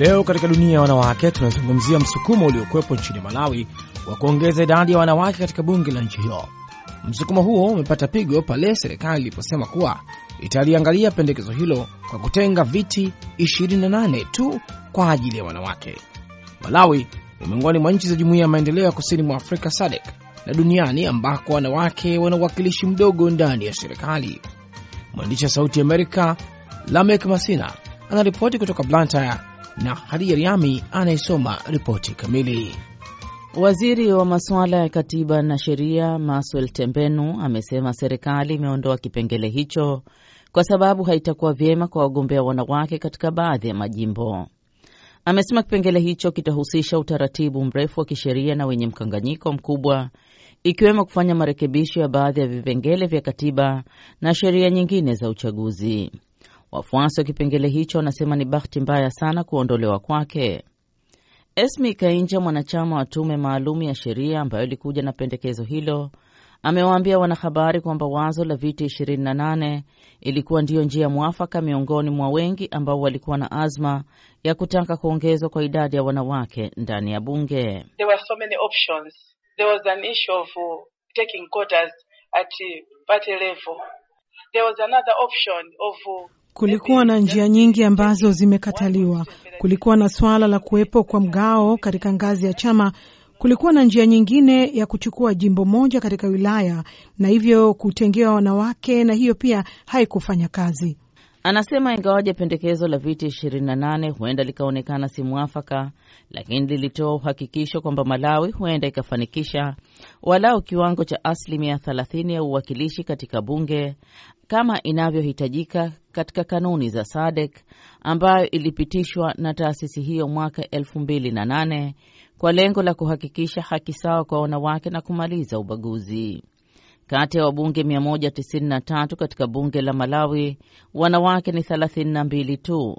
Leo katika dunia ya wanawake tunazungumzia msukumo uliokuwepo nchini Malawi wa kuongeza idadi ya wanawake katika bunge la nchi hiyo. Msukumo huo umepata pigo pale serikali iliposema kuwa italiangalia pendekezo hilo kwa kutenga viti 28 tu kwa ajili ya wanawake. Malawi ni miongoni mwa nchi za Jumuiya ya Maendeleo ya Kusini mwa Afrika SADC na duniani ambako wanawake wana uwakilishi mdogo ndani ya serikali. Mwandishi wa Sauti Amerika Lamek Masina anaripoti kutoka Blantyre na Hadija Riami anayesoma ripoti kamili. Waziri wa masuala ya katiba na sheria Maswel Tembenu amesema serikali imeondoa kipengele hicho kwa sababu haitakuwa vyema kwa wagombea wanawake katika baadhi ya majimbo. Amesema kipengele hicho kitahusisha utaratibu mrefu wa kisheria na wenye mkanganyiko mkubwa, ikiwemo kufanya marekebisho ya baadhi ya vipengele vya katiba na sheria nyingine za uchaguzi. Wafuasi wa kipengele hicho wanasema ni bahati mbaya sana kuondolewa kwake. Esmi Kainja, mwanachama wa tume maalum ya sheria ambayo ilikuja na pendekezo hilo, amewaambia wanahabari kwamba wazo la viti 28 ilikuwa ndiyo njia mwafaka miongoni mwa wengi ambao walikuwa na azma ya kutaka kuongezwa kwa idadi ya wanawake ndani ya bunge. There were so many options. There was an issue of uh, taking quotas at party level. There was another option of uh, Kulikuwa na njia nyingi ambazo zimekataliwa. Kulikuwa na suala la kuwepo kwa mgao katika ngazi ya chama. Kulikuwa na njia nyingine ya kuchukua jimbo moja katika wilaya na hivyo kutengewa wanawake, na hiyo pia haikufanya kazi. Anasema ingawaje pendekezo la viti 28 huenda likaonekana si mwafaka, lakini lilitoa uhakikisho kwamba Malawi huenda ikafanikisha walau kiwango cha asilimia 30 ya uwakilishi katika bunge kama inavyohitajika katika kanuni za SADC ambayo ilipitishwa na taasisi hiyo mwaka 2008 kwa lengo la kuhakikisha haki sawa kwa wanawake na kumaliza ubaguzi. Kati ya wabunge 193 katika bunge la Malawi, wanawake ni 32 tu.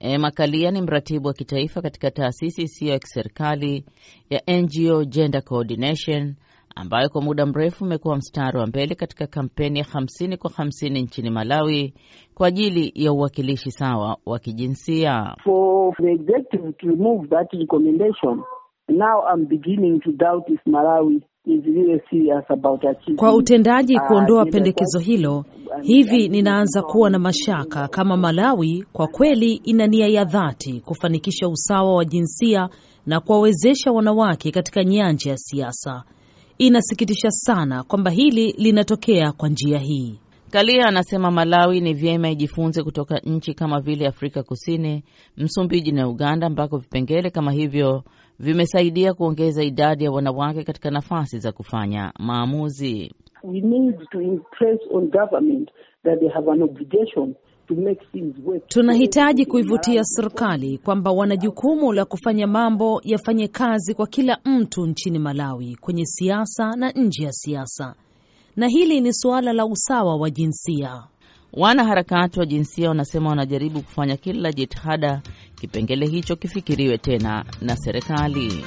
Emma Kalia ni mratibu wa kitaifa katika taasisi isiyo ya kiserikali ya NGO Gender Coordination ambayo kwa muda mrefu umekuwa mstari wa mbele katika kampeni ya 50 kwa 50 nchini Malawi kwa ajili ya uwakilishi sawa wa kijinsia. Now I'm beginning to doubt if Malawi kwa utendaji uh, kuondoa pendekezo hilo um, hivi ninaanza kuwa na mashaka kama Malawi kwa kweli ina nia ya dhati kufanikisha usawa wa jinsia na kuwawezesha wanawake katika nyanja ya siasa. Inasikitisha sana kwamba hili linatokea kwa njia hii. Kalia anasema Malawi ni vyema ijifunze kutoka nchi kama vile Afrika Kusini, Msumbiji na Uganda ambako vipengele kama hivyo vimesaidia kuongeza idadi ya wanawake katika nafasi za kufanya maamuzi. We need to impress on government that they have an obligation Tunahitaji kuivutia serikali kwamba wana jukumu la kufanya mambo yafanye kazi kwa kila mtu nchini Malawi, kwenye siasa na nje ya siasa na hili ni suala la usawa wa jinsia. Wanaharakati wa jinsia wanasema wanajaribu kufanya kila jitihada kipengele hicho kifikiriwe tena na serikali.